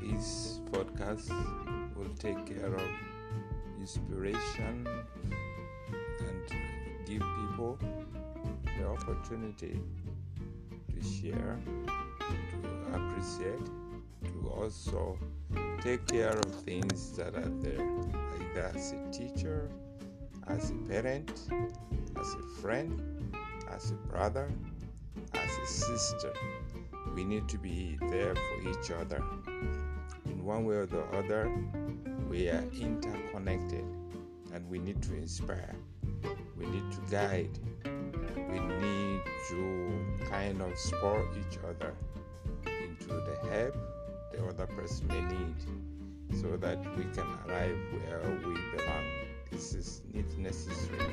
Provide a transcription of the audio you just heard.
These This podcast will take care of inspiration and give people the opportunity to share, to appreciate, to also take care of things that are there, either as a teacher, as a parent, as a friend, as a brother, as a sister we need to be there for each other. In one way or the other, we are interconnected and we need to inspire, we need to guide, we need to kind of spur each other into the help the other person may need so that we can arrive where we belong. This is necessary.